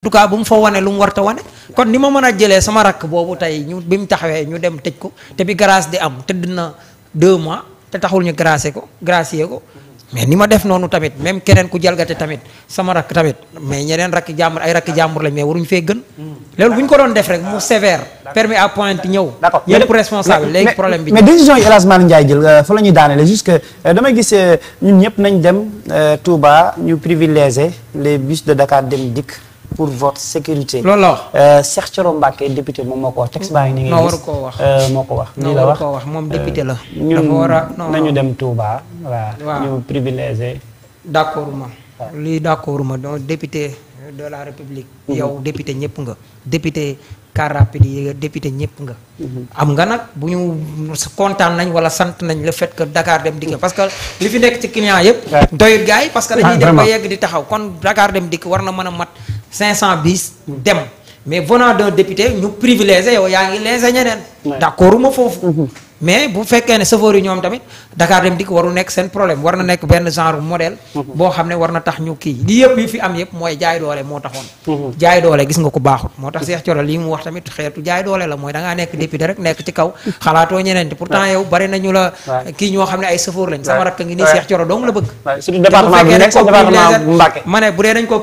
en tout cas bu mu fa wane lu mu warta wane kon ni ma mën a jëlee sama rakk boobu tey ñu bi mu taxawee ñu dem tëj ko te bi grâce di am tëdd na deux mois te taxul ñu grâce ko gracier ko mais ni ma def noonu tamit même keneen ku jalgate tamit sama rakk tamit mais ñeneen rakk jàmbur ay rakk jàmbur lañ mais waruñu fee gën loolu bu ñu ko doon def rek mu sévère permis à pointe ñëw léegi problème bi mais décision yi El Hadj Malick Ndiaye jël euh, fa la ñuy daanele juste que euh, damay gis euh, ñun ñëpp nañ dem Touba ñu privilégié les bus de Dakar dem dikk pour votre sécurité. loolu la wax. Euh, Cheikh Thioro Mbacké député moom moo ko wax texte baa koo wax euh, moo ko wax. nii la wax moom euh, député la. dafa war a ñun nañu dem Touba. waaw ñu privilégié. d' accord ma ah. lii d' ma donc député de la République. Mhm. yow député ñëpp nga. député car rapide yi député ñëpp nga. Mhm. am nga nag bu ñu kontaan nañ wala sant nañ le fait que Dakar dem dikk parce que li fi nekk ci client yëpp. doyut gars yi parce que ah, dañuy dem ba yegg di taxaw kon Dakar dem dikk war na mën a mat. cinq cent bis ñu dem mais venant d'un député ñu privilégié yow yaa ngi léegi ñeneen. d'accord uma foofu. Mhm. mais bu fekkee ne chauffeur yi ñoom tamit Dakar dem dikk waru nekk seen problème war na nekk benn genre modèle mhm. boo xam ne tax ñu kii li yëpp yi fi am yëpp mooy jaay doole moo taxoon mhm. jaay doole gis nga ko baaxut moo tax mhm. Cheikh Thioro lii mu wax tamit xeetu jaay doole la mooy da ngaa nekk député rek nekk ci kaw xalaatoo ñeneen te bu dee dañ ko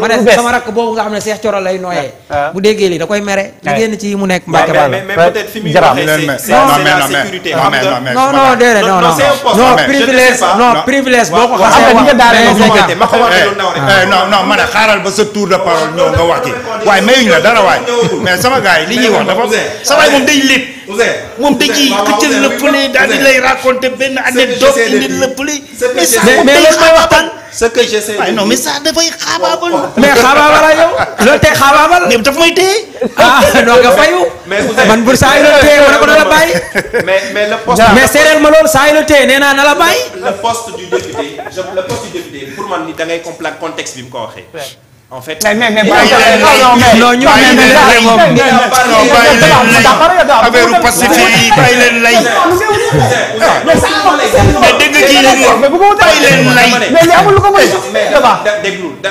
ma ne sama rakk boobu nga xam ne Cheikh Thioro lay nooyee bu déggee lii da koy mere ci génn ci mu nekk Mbacké peut-être fi muy waxee c'est la sécurité xam nga non non déedéet non non non boo ko xasee a xaaral waaye mayuñ la dara waay mais sama gars yi li ñuy wax dafa sawaay moom day lépp moom dañuy xëccal la fële daal di lay raconter benn anecdote indi la fële mais mais loolu mooy waxtaan ce que j'essaie de. waaye non mais sax dafay xaabaabal. Oh, oh. mais xaabaabal a yow. loolu tey xaabaabal. mais daf may téye. ah non nga fayu. mais man bu saa yi la téye wala ko na la bàyyi. mais mais le poste. mais séeréer ma loolu saa yi la téye nee naa na la bàyyi. le poste du député je le poste du pour man ni da ngay comprendre contexte bi mu ko waxee. en fait. mais mais mais non ñu. bàyyi leen lay da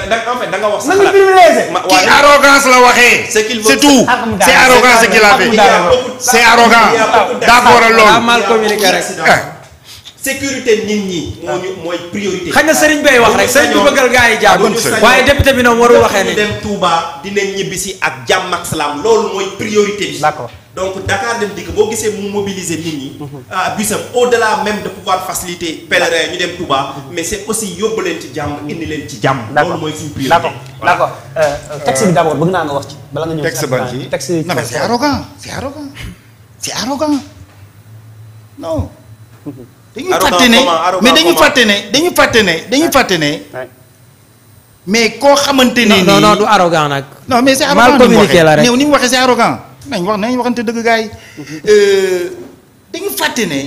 nga wax sa xalaat kii arrogance la waxee. c'est tout c'est arrogance qu'il a fait. c'est arrogant d'accord loolu. sécurité nit ñi. moo ñu mooy priorité. xëy na sëriñ bay wax rek sëriñ bi bëggal gaa yi jàpp. waaye député bi noonu warul waxee ni dem Touba dinañ ñibbisi ak jàmm ak salaam loolu mooy priorité bi. d'accord donc Dakar Dem Dikk boo gisee mu mobiliser nit ñi. Ah, bisam au-delà même de pouvoir faciliter pèlerin ñu dem Touba. mais c'est aussi yóbbu leen ci jàmm indi leen ci jàmm. loolu mooy suñu priorité d'accord d'accord euh, euh, texte bi d'abord bëgg naa nga wax ci. bala nga ñëw texte ban ci texte non mais c'est arrogant c'est arrogant c'est arrogant non. dañuy fàtte ne mais dañuy fàtte ne dañu fàtte ne dañuy fàtte ne mais koo xamante ne nii non non du mais c'est arrogant mal communiqué la mu waxee c'est nañ wax nañ waxante dëgg gars yi mhm. euh, dañu fàtte ne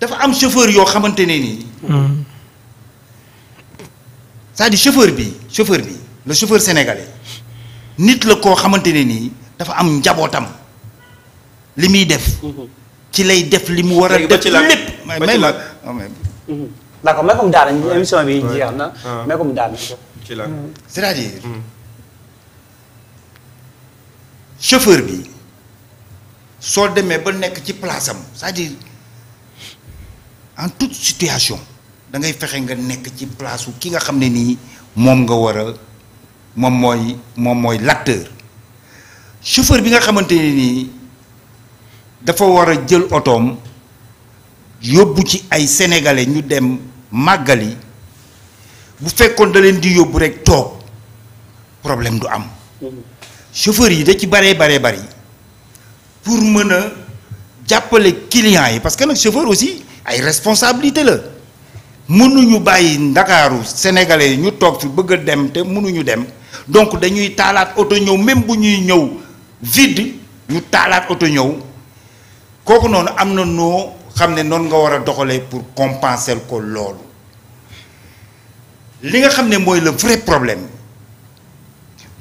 dafa am chauffeur yoo xamante ne nii. Hmm. cest bi chauffeur bi le chauffeur nit la koo xamante ne nii dafa am njabootam li muy def. Mhm. ci lay def li mu war a def lépp may la d'accord mais comme daan nañ émission bi jeex na mais comme daan ko ci la c'est-à-dire chauffeur bi soo demee ba nekk ci place am cest en toute situation da ngay fexe nga nekk ci place ki nga xam ne nii moom nga war moom mooy moom mooy l'acteur chauffeur bi nga xamante ne nii dafa war a jël otoom yóbbu ci ay sénégalais ñu dem màggali bu fekkoon da leen di yóbbu rek toog problème du am chauffeur yi da ci baree baree bari pour mën a jàppale clients yi parce que nag chauffeur aussi ay responsabilité la mënuñu bàyyi ndakaaru sénégalais yi ñu toog fi bëgg a dem te mënuñu dem donc dañuy taalaat auto ñëw même bu ñuy ñëw vide ñu taalaat auto ñëw kooku noonu am na noo xam ne noonu nga war a doxalee pour compenser ko loolu li nga xam ne mooy la vrai problème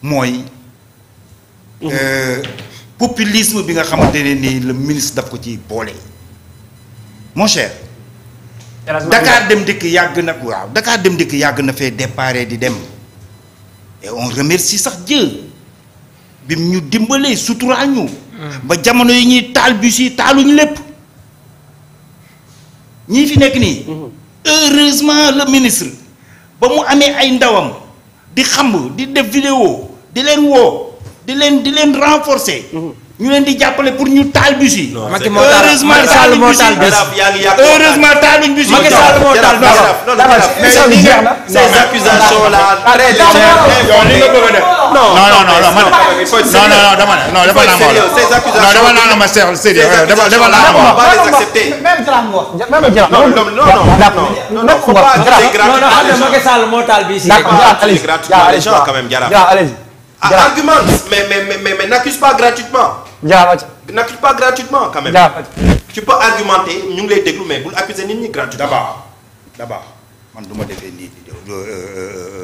mooy mhm. euh, populisme bi nga xamante ne ni le ministre daf ko ci boole mon cher dem dëkk yàgg na waaw Dakar dem dëkk yàgg na fee déparé di dem et on remercie sax Dieu bi mu ñu dimbalee suturaal ñu mhm. ba jamono yi ñuy taal bus yi taaluñu lépp ñi fi nekk nii. Mhm. heureusement le ministre ba mu amee ay ndawam di xam di def vidéo di leen woo di leen di leen renforcer. Mhm. ñu leen di jàppale pour ñu taal bus yi. Macky moo taal Macky Sall moo taal bus yi heureusement taaluñ bus yi. Macky Sall moo taal bus yi. jeex na ces accusations là très légères. non non non man non non dama ne non dama nangoo la non dama nangoo ma seex sérieux dama dama nangoo la. même Jara mu wax même Jara. non non non non faut pas gratuit. Macky Sall moo taal bus yi. d'accord allez-y. Jara argumente mais mais mais mais n'accuse pas gratuitement. jaama ci. n'accuse pas gratuitement quand ci. tu argumenter ñu ngi lay déglu mais bul accuser nit ñi gratuitement. d'abord d'abord man du ma defee nii euh, euh,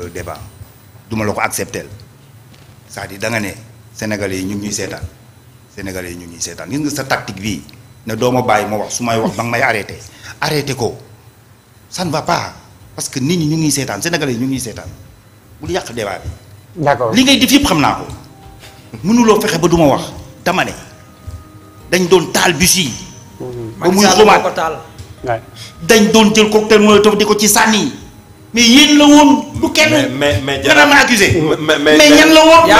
euh, débat du ma la ko accepter c'est-à-dire da ne Sénégalais yi ñu ngi ñuy seetaan Sénégalais yi ñu ngi ñuy seetaan gis sa tactique bii ne doo ma bàyyi ma wax su may wax danga may arrêté arrêté ko san ne va pas parce que nit ñi ñu ngi seetaan Sénégalais yi ñu ngi ñuy seetaan bul yàq débat bi. d'accord li ngay def yëpp xam naa ko mënuloo fexe ba du ma wax. dama ne dañ doon taal bus yi. Mhm. ba muy xumaat dañ doon jël cocktail molotov di ko ci sànni. mais yéen la woon du kenn. mais mais mais ma mais ñan la woon. y' a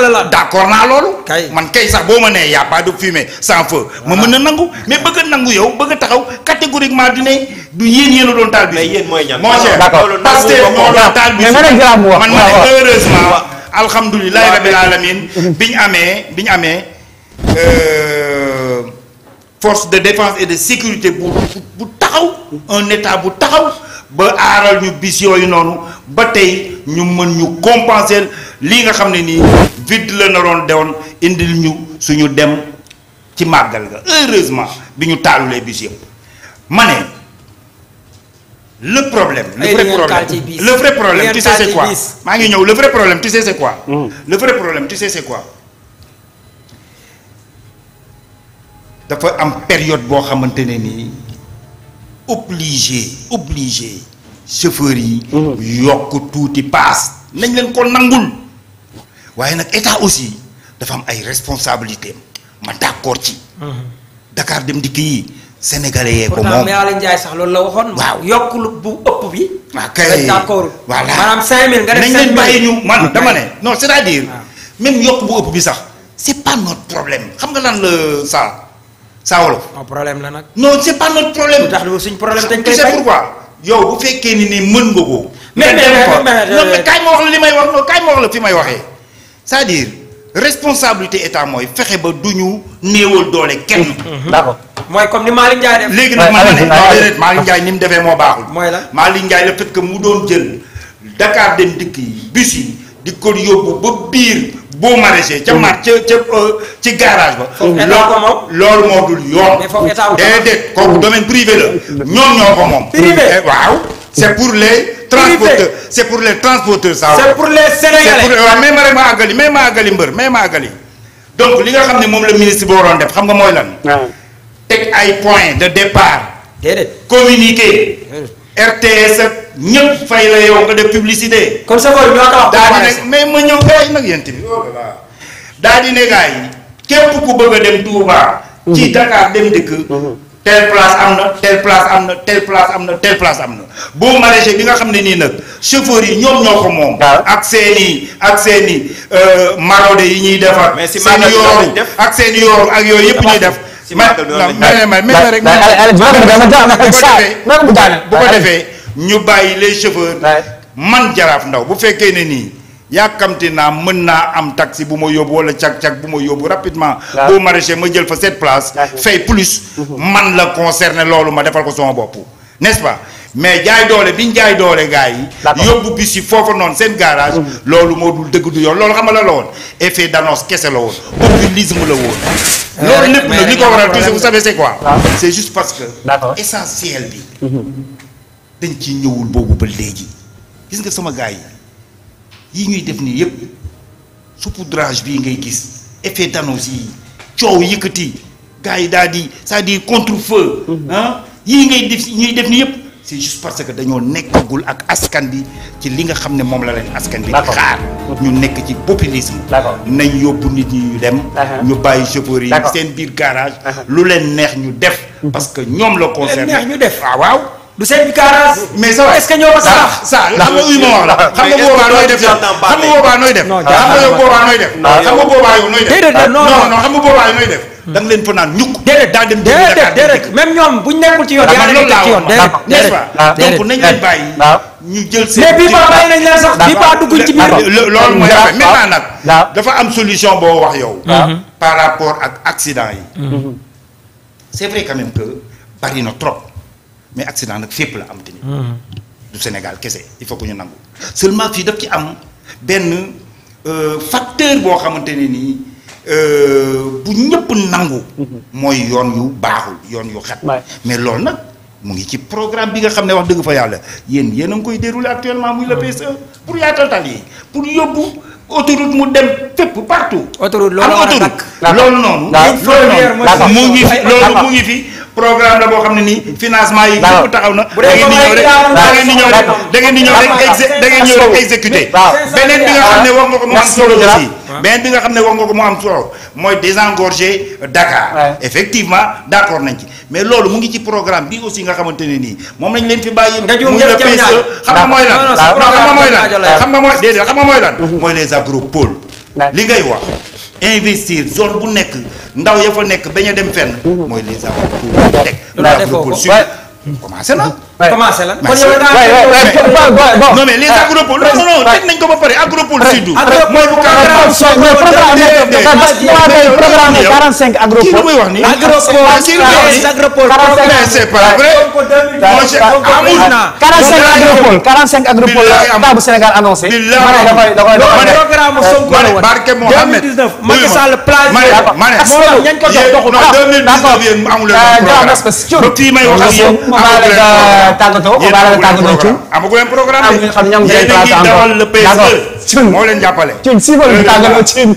la d' accord naa loolu. man kay sax boo ma nee y' a pas de fumée sans feu. ma mën na nangu mais bëgg nangu yow bëgg a taxaw catégoriquement di ne du yéen yéen a doon taal bi. mais yéen mooy ñan. mon doon taal bi. mais man man heureusement. alhamdulilahi rabbil alamin bi ñu amee bi ñu amee euh, force de défense et de sécurité bu bu taxaw un état bu taxaw ba aaral ñu bis yooyu noonu ba tey ñu mën ñu compenser lii nga xam ne nii vide la naroon indi lu ñu suñu dem ci màggal ga heureusement bi ñu taalulee bis yëpp ma ne le problème le vrai problème le vrai problème tu sais quoi maa ngi ñëw le vrai problème tu sais c'est quoi mm. le vrai problème tu sais c'est quoi dafa am période boo xamante ne nii obligé obligé chauffeurs yi mm. yokk tuuti paas nañ leen ko nangul waaye nag état aussi dafa am ay responsabilités ma d'accord ci mm-hmm. Dakar dem dikk yi sénégalais yee ko moom pourtant mais sax loolu la waxoon. waaw yokk lu bu ëpp bi. waaw ah, kay d'accord maanaam 5000 nga def 5000 ah. dama ne non c'est-à-dire. Ah. bi sax. c'est pas problème xam nga lan la ça. saa wolof la nag. non c'est pas notre problème. lu suñ problème dañ koy fay bu fekkee ni ni mën nga euh, ma wax la li may wax non kaay ma wax la fi may waxee. c'est-à-dire responsabilité état mooy fexe ba du ñu néewal doole kenn. d'accord. mooy comme ni Malick Ndiaye léegi nag man de Malick Ndiaye ni mu defee moo baaxul. mooy la Malick Ndiaye le fait que mu doon jël Dakar dem dikk yi bus yi di ko yóbbu ba biir boo maraîcher. ca mmh. mar ca ca euh, ci garage ba. loolu moo dul yoon. mais foofu état déedéet kooku domaine privé la ñoom ñoo ko moom. Eh, waaw. c'est pour les. transporteurs c'est pour les transporteurs ça c'est pour les sénégalais c'est pour waaw mais ma rek ma àggali mais ma àggali mbër mais ma àggali donc li nga xam ne moom la ministre bi waroon def xam nga mooy lan. teg ay point de départ. déedéet communiqué. RTS ak ñëpp fay la yow nga def publicité. kon sa bopp ñoo tax. daa di ne mais ma ñëw gaay nag yéen tamit. daa di ne gaay yi képp ku bëgg a dem Touba. ci mhm. Dakar dem dëkk. Mhm. telle place am na tel place am na tel place am na tel place am na boo maraîcher bi nga xam ne nii nag chauffeur yi ñoom ñoo ko moom. ak seen i ak seen i euh, marode yi ñuy defar. mais si seen yoor ak seen yoor ak yooyu yëpp ñuy def. si màggal rek bu ko defee ñu bàyyi les chauffeurs man jaraaf ndaw bu fekkee ne nii yàkkamti naa mën naa am taxi bu ma yóbbu wala cag-cag bu ma yóbbu rapidement boo maraîcher ma jël fa sept place fay plus man la concerné loolu ma defal ko sama bopp n'est-ce mais jaay doole bi ñu jaay doole gars yi. yóbbu bis yi foofa noonu seen garage. Mm. loolu moo dul dëgg du yoon loolu xam nga la woon effet d'annonce kese la woon populisme la woon. Euh, loolu lépp nag li ko waral toujours vous savez c'est ah. parce que. essentiel bi. Mm-hmm. dañ ci ñëwul boobu ba léegi. gis nga sama gars yi yi ñuy def nii yëpp saupoudrage bii ngay gis effet d'annonce yi coow yëkkati gars yi daal di cest dire contre feu. Mm-hmm. yii ngay def ñuy def yëpp c'est juste parce que dañoo nekkagul ak askan bi ci li nga xam ne moom la leen askan bi di xaar ñu nekk ci populisme nañ yóbbu nit ñi ñu dem uh-huh. ñu bàyyi chauffeur yi seen biir garage uh-huh. lu leen neex ñu def uh-huh. parce que ñoom la concerné neex ñu def ah, waaw waaw du seen bi garage. mais sa waay est-ce que ñoo ko sax. sa xam nga uyu ma wax la. xam nga boobaa nooy def xam nga boobaa nooy def. non xam nga boobaa nooy def. xam nga boobaa yow nooy def. déedéet non non xam nga def. da nga leen fa naan ñukk. déedéet daa ñoom bu ñu nekkul ci yoon. yaa leen teg ci yoon déedéet déedéet donc nañ leen bàyyi. ñu jël seen. mais bii ba bàyyi nañ leen sax bii ba dugg ci biir. loolu nag. dafa am solution boo wax yow. par rapport ak accident yi. Mhm. c'est vrai quand même que bari na trop. mais accident nag fépp la am tamit. Hmm. du Sénégal kese il faut que ñu nangu. seulement fii daf ci am benn euh, facteur boo xamante ne nii euh, bu ñëpp nangu. Mm-hmm. mooy yoon yu baaxul yoon yu xat. mais loolu nag mu ngi ci programme bi nga xam ne wax dëgg fa yàlla yéen yéen a ngi koy dérouler actuellement muy le hmm. PSE pour yaatal tal yi pour yóbbu. mu dem fépp partout. autoroute mu ngi fi loolu mu ngi fi. programme la boo xam ne nii financement yi yëpp taxaw na da ngeen di ñëw rek da ngeen di ñëw rek da di ñëw rek da ngeen ñëw rek exécuté beneen bi nga xam ne wax nga ko mu am solo aussi beneen bi nga xam ne wax nga ko mu am solo mooy désengorger Dakar effectivement d'accord nañ ci mais loolu mu ngi ci programme bi aussi nga xamante ne nii moom lañ leen fi bàyyi muy le PSE xam nga mooy lan non xam nga mooy lan xam nga mooy déedéet xam nga mooy lan mooy ngay wax investir zone bu nekk ndaw ya fa nekk bañ a dem fenn. mooy les avoir pour teg. dina def foofu commencé na. commencé lan. kon yow da non mais les agropole non non teg nañ ko ba pare agropole surtout. mooy bu programme 45 agropole mooy wax ni. agropole ah, c'est pas vrai. 45 agropole la état bu Sénégal annoncé. programme euh, Sonko la woon. Barke Mohamed 2019 Macky Sall plage. ma ne ma ne ko jox doxul. d'accord ah, d'accord tàggatoo xabaar la tàggatoo. amagu leen programme am nga xam ñoom day place encore e. d'accord moo leen jàppale. cun si bëri tàggatoo cun.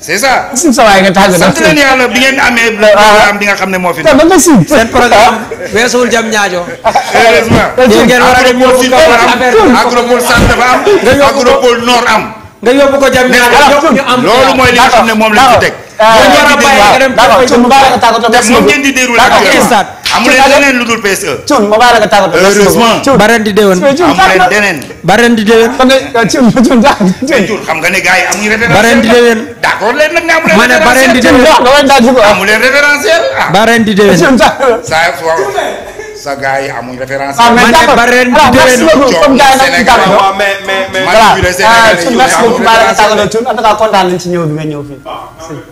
c'est ça. suuf sa waay nga tàggatoo sant leen yàlla bi ngeen amee. Ah. programme bi nga xam ne moo fi. dama si seen programme weesuwul jam ñaajo. heureusement ngeen war a dem yóbbu ko am agropole centre dafa am agropole nord am. nga yóbbu ko jam ñaajo ñu am loolu mooy li nga xam ne moom lañ ci teg Ah, a e. amul leneen lu dul PSE. Thion ma baal la nga tàggatoo. E. heureusement ba ren di déwén. amul leneen. ba ren di déwén. xam nga Thion xam nga ne gars yi amuñu référentiel. ba ren di déwén. d'accord léegi nag ne amuleen. ma ne ba ren di déwén. amuleen référentiel. Ah. ba ren di déwén. sa sa gars yi amuñu référentiel. Ah, ma ne ba ren di déwén. comme gars yi nag mais mais mais. voilà merci beaucoup baal la nga tàggatoo Thion en tout cas kontaan nañ ci ñëw bi nga ñëw fii.